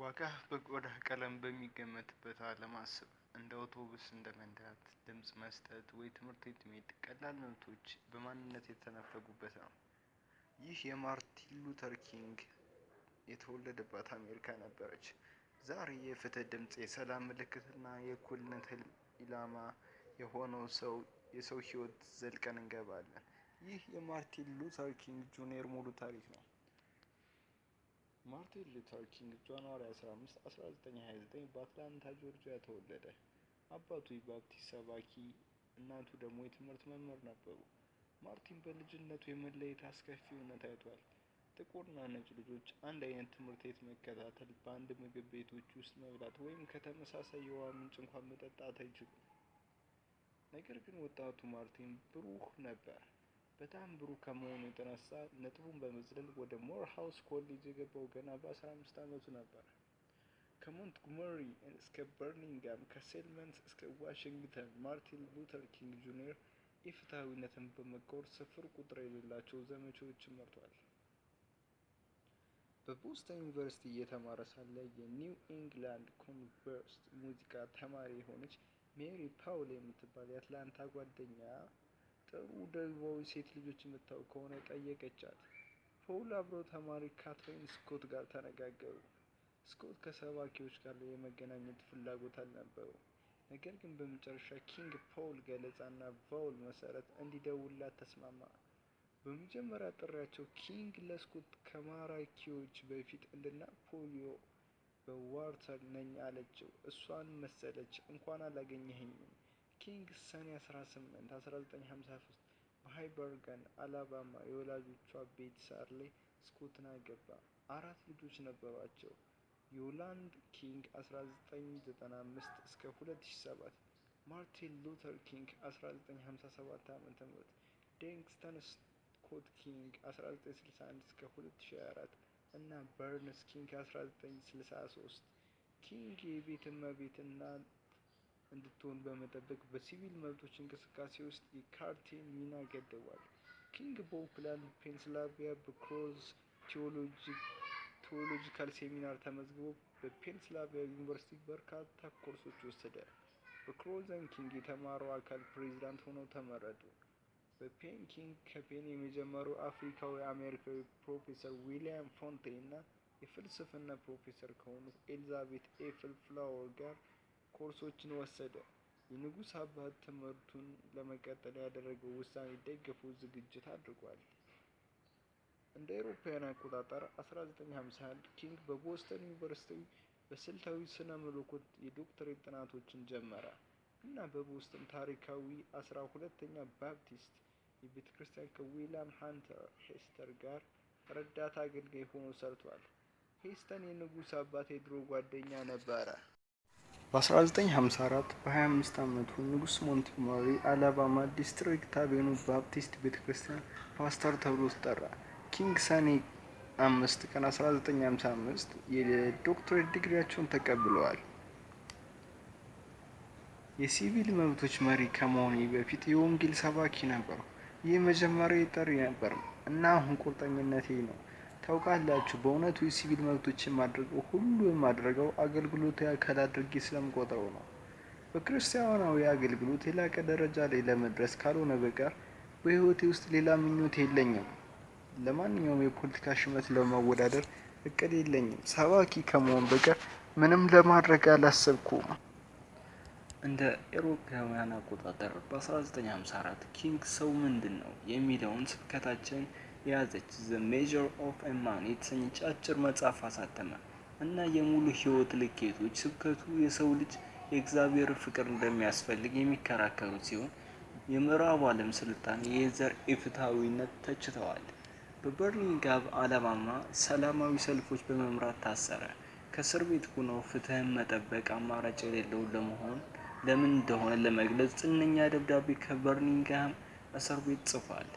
ዋጋ በቆዳ ቀለም በሚገመትበት ዓለም አስብ። እንደ አውቶቡስ እንደ መንዳት፣ ድምፅ መስጠት ወይ ትምህርት ቤት መሄድ ቀላል መብቶች በማንነት የተነፈጉበት ነው። ይህ የማርቲን ሉተር ኪንግ የተወለደባት አሜሪካ ነበረች። ዛሬ የፍትህ ድምፅ፣ የሰላም ምልክትና የእኩልነት ህልም ኢላማ የሆነው ሰው የሰው ህይወት ዘልቀን እንገባለን። ይህ የማርቲን ሉተር ኪንግ ጁኒየር ሙሉ ታሪክ ነው። ማርቲን ሉተር ኪንግ ጃንዋሪ 15 1929 በአትላንታ ጆርጂያ ተወለደ። አባቱ የባፕቲስት ሰባኪ፣ እናቱ ደግሞ የትምህርት መምህር ነበሩ። ማርቲን በልጅነቱ የመለየት አስከፊ እውነት አይቷል። ጥቁርና ነጭ ልጆች አንድ አይነት ትምህርት ቤት መከታተል፣ በአንድ ምግብ ቤቶች ውስጥ መብላት ወይም ከተመሳሳይ የውሃ ምንጭ እንኳን መጠጣት አይችሉም። ነገር ግን ወጣቱ ማርቲን ብሩህ ነበር። በጣም ብሩህ ከመሆኑ የተነሳ ነጥቡን በመዝለል ወደ ሞር ሃውስ ኮሌጅ የገባው ገና በ15 ዓመቱ ነበር። ከሞንትጎመሪ እስከ በርሚንጋም፣ ከሴልመንት እስከ ዋሽንግተን ማርቲን ሉተር ኪንግ ጁኒየር የፍትሐዊነትን በመቃወር ስፍር ቁጥር የሌላቸው ዘመቻዎችን መርቷል። በቦስተን ዩኒቨርሲቲ እየተማረ ሳለ የኒው ኢንግላንድ ኮንቨርስት ሙዚቃ ተማሪ የሆነች ሜሪ ፓውል የምትባል የአትላንታ ጓደኛ ጥሩ ደቡባዊ ሴት ልጆች የምታውቅ ከሆነ ጠየቀቻት። ፖል አብሮ ተማሪ ካትሪን ስኮት ጋር ተነጋገሩ። ስኮት ከሰባኪዎች ጋር የመገናኘት ፍላጎት አልነበረው። ነገር ግን በመጨረሻ ኪንግ ፖል ገለጻና ቫውል መሰረት እንዲደውላት ተስማማ። በመጀመሪያ ጥሪያቸው ኪንግ ለስኮት ከማራኪዎች በፊት እንድናፖሊዮ በዋርተር ነኝ አለችው። እሷን መሰለች። እንኳን አላገኘኸኝም ኪንግ ሰኔ 18 1953 በሃይበርገን አላባማ የወላጆቿ ቤት ሳር ላይ ስኮትን አገባ። አራት ልጆች ነበሯቸው። ዮላንድ ኪንግ 1995 እስከ 2007፣ ማርቲን ሉተር ኪንግ 1957 ዓ ም ዴንግስተን ስኮት ኪንግ 1961 እስከ 2024 እና በርንስ ኪንግ 1963 ኪንግ የቤት እመቤት እና እንድትሆን በመጠበቅ በሲቪል መብቶች እንቅስቃሴ ውስጥ የካርቴን ሚና ገድቧል። ኪንግ በኦክላንድ ፔንስላቪያ በክሮዝ ቴዎሎጂካል ሴሚናር ተመዝግቦ በፔንስላቪያ ዩኒቨርሲቲ በርካታ ኮርሶች ወሰደ። በክሮዘን ኪንግ የተማረው አካል ፕሬዚዳንት ሆነው ተመረጡ። በፔን ኪንግ ከፔን የመጀመሪያው አፍሪካዊ አሜሪካዊ ፕሮፌሰር ዊሊያም ፎንቴ እና የፍልስፍና ፕሮፌሰር ከሆኑት ኤልዛቤት ኤፍል ፍላወር ጋር ኮርሶችን ወሰደ። የንጉሥ አባት ትምህርቱን ለመቀጠል ያደረገው ውሳኔ ደግፎ ዝግጅት አድርጓል። እንደ አውሮፓውያን አቆጣጠር 1951 ኪንግ በቦስተን ዩኒቨርሲቲ በስልታዊ ስነ መለኮት የዶክትሬት ጥናቶችን ጀመረ እና በቦስተን ታሪካዊ 12 ሁለተኛ ባፕቲስት የቤተ ክርስቲያን ሃንተር ሄስተር ጋር ረዳት አገልጋይ ሆኖ ሰርቷል። ሄስተን የንጉሥ አባት የድሮ ጓደኛ ነበረ። በ1954 በ25 ዓመቱ ንጉስ ሞንቲጎመሪ አላባማ ዲስትሪክት አቬኑ ባፕቲስት ቤተ ክርስቲያን ፓስተር ተብሎ ተጠራ። ኪንግ ሰኔ 5 ቀን 1955 የዶክትሬት ዲግሪያቸውን ተቀብለዋል። የሲቪል መብቶች መሪ ከመሆኔ በፊት የወንጌል ሰባኪ ነበሩ። ይህ መጀመሪያ ጠሪ ነበር እና አሁን ቁርጠኝነቴ ነው ታውቃላችሁ በእውነቱ የሲቪል መብቶችን ማድረገው ሁሉ የማድረገው አገልግሎት ያካል አድርጌ ስለምቆጥረው ነው። በክርስቲያናዊ አገልግሎት የላቀ ደረጃ ላይ ለመድረስ ካልሆነ በቀር በህይወቴ ውስጥ ሌላ ምኞት የለኝም። ለማንኛውም የፖለቲካ ሹመት ለመወዳደር እቅድ የለኝም። ሰባኪ ከመሆን በቀር ምንም ለማድረግ አላሰብኩም። እንደ ኤሮፓውያን አቆጣጠር በ1954 ኪንግ ሰው ምንድን ነው የሚለውን ስብከታችን የያዘች ዘ ሜዥር ኦፍ ኤ ማን የተሰኘች አጭር መጽሐፍ አሳተመ እና የሙሉ ህይወት ልኬቶች ስብከቱ የሰው ልጅ የእግዚአብሔር ፍቅር እንደሚያስፈልግ የሚከራከሩት ሲሆን የምዕራቡ ዓለም ስልጣኔ የዘር ኢፍትሐዊነት ተችተዋል። በበርሚንግሃም አላባማ ሰላማዊ ሰልፎች በመምራት ታሰረ። ከእስር ቤት ሆኖ ፍትህን መጠበቅ አማራጭ የሌለው ለመሆን ለምን እንደሆነ ለመግለጽ ጽነኛ ደብዳቤ ከበርሚንግሃም እስር ቤት ጽፏል።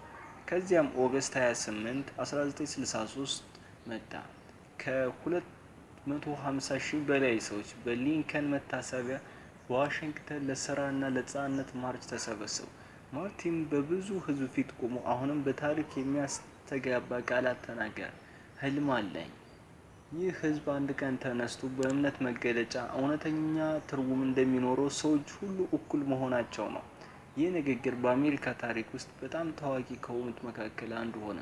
ከዚያም ኦገስት 28 1963 መጣ። ከ250 ሺህ በላይ ሰዎች በሊንከን መታሰቢያ በዋሽንግተን ለስራና ለነጻነት ማርች ተሰበሰቡ። ማርቲን በብዙ ህዝብ ፊት ቆሞ አሁንም በታሪክ የሚያስተጋባ ቃላት ተናገረ። ህልም አለኝ። ይህ ህዝብ አንድ ቀን ተነስቶ በእምነት መገለጫ እውነተኛ ትርጉም እንደሚኖረው ሰዎች ሁሉ እኩል መሆናቸው ነው። ይህ ንግግር በአሜሪካ ታሪክ ውስጥ በጣም ታዋቂ ከሆኑት መካከል አንዱ ሆነ።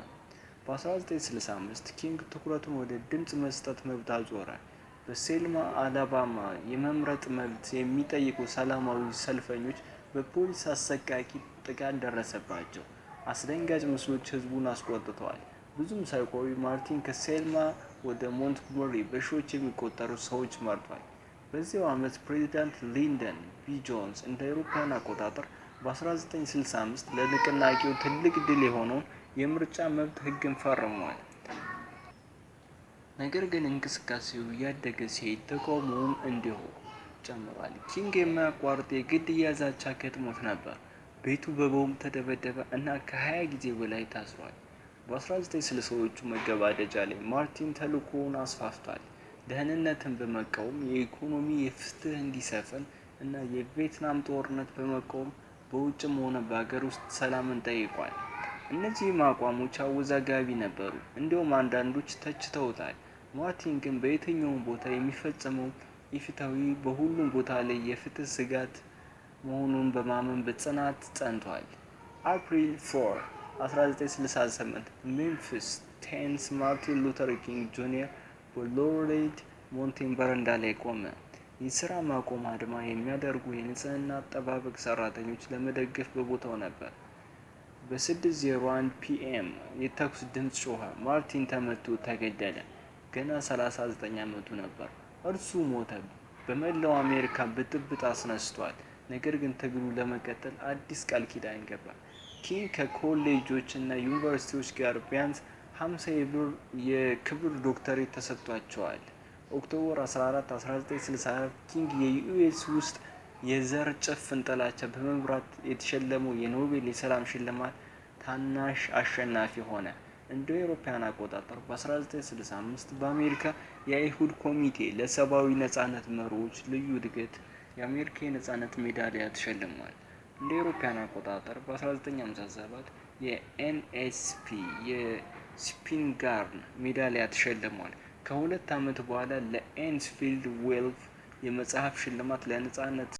በ1965 ኪንግ ትኩረቱን ወደ ድምፅ መስጠት መብት አዞረ። በሴልማ አላባማ የመምረጥ መብት የሚጠይቁ ሰላማዊ ሰልፈኞች በፖሊስ አሰቃቂ ጥቃት ደረሰባቸው። አስደንጋጭ ምስሎች ህዝቡን አስቆጥተዋል። ብዙም ሳይቆይ ማርቲን ከሴልማ ወደ ሞንትጎመሪ በሺዎች የሚቆጠሩ ሰዎች መርቷል። በዚያው ዓመት ፕሬዚዳንት ሊንደን ቢ ጆንስ እንደ አውሮፓውያን አቆጣጠር በ1965 ለንቅናቄው ትልቅ ድል የሆነውን የምርጫ መብት ህግን ፈርሟል። ነገር ግን እንቅስቃሴው እያደገ ሲሄድ ተቃውሞውም እንዲሁ ጨምሯል። ኪንግ የማያቋርጥ የግድያ ዛቻ ገጥሞት ነበር። ቤቱ በቦምብ ተደበደበ እና ከ20 ጊዜ በላይ ታስሯል። በ1960ዎቹ መገባደጃ ላይ ማርቲን ተልእኮውን አስፋፍቷል። ደህንነትን በመቃወም የኢኮኖሚ የፍትህ እንዲሰፍን እና የቪየትናም ጦርነት በመቃወም በውጭም ሆነ በሀገር ውስጥ ሰላምን ጠይቋል። እነዚህም አቋሞች አወዛጋቢ ነበሩ፣ እንዲሁም አንዳንዶች ተችተውታል። ማርቲን ግን በየትኛውም ቦታ የሚፈጸመው ኢፍትሐዊ በሁሉም ቦታ ላይ የፍትህ ስጋት መሆኑን በማመን በጽናት ጸንቷል። አፕሪል 4 1968 ሜምፊስ ቴንስ ማርቲን ሉተር ኪንግ ጁኒየር በሎሬድ ሞንቴን በረንዳ ላይ ቆመ። የስራ ማቆም አድማ የሚያደርጉ የንጽህና አጠባበቅ ሰራተኞች ለመደገፍ በቦታው ነበር። በ6:01 ፒኤም የተኩስ ድምፅ ጮኸ። ማርቲን ተመቶ ተገደለ። ገና 39 ዓመቱ ነበር። እርሱ ሞተ። በመላው አሜሪካ ብጥብጥ አስነስቷል። ነገር ግን ትግሉ ለመቀጠል አዲስ ቃል ኪዳን ገባ። ኪንግ ከኮሌጆች እና ዩኒቨርሲቲዎች ጋር ቢያንስ 50 የክብር ዶክተሬት ተሰጥቷቸዋል። ኦክቶበር 14 1960 ኪንግ የዩኤስ ውስጥ የዘር ጭፍን ጥላቻ በመምራት የተሸለመው የኖቤል የሰላም ሽልማት ታናሽ አሸናፊ ሆነ። እንደ አውሮፓውያን አቆጣጠር በ1965 በአሜሪካ የአይሁድ ኮሚቴ ለሰብአዊ ነጻነት መሪዎች ልዩ እድገት የአሜሪካ የነጻነት ሜዳሊያ ተሸልሟል። እንደ አውሮፓውያን አቆጣጠር በ1957 የኤንኤስፒ የስፒንጋርን ሜዳሊያ ተሸልሟል። ከሁለት ዓመት በኋላ ለኤንስፊልድ ዌልፍ የመጽሐፍ ሽልማት ለነጻነት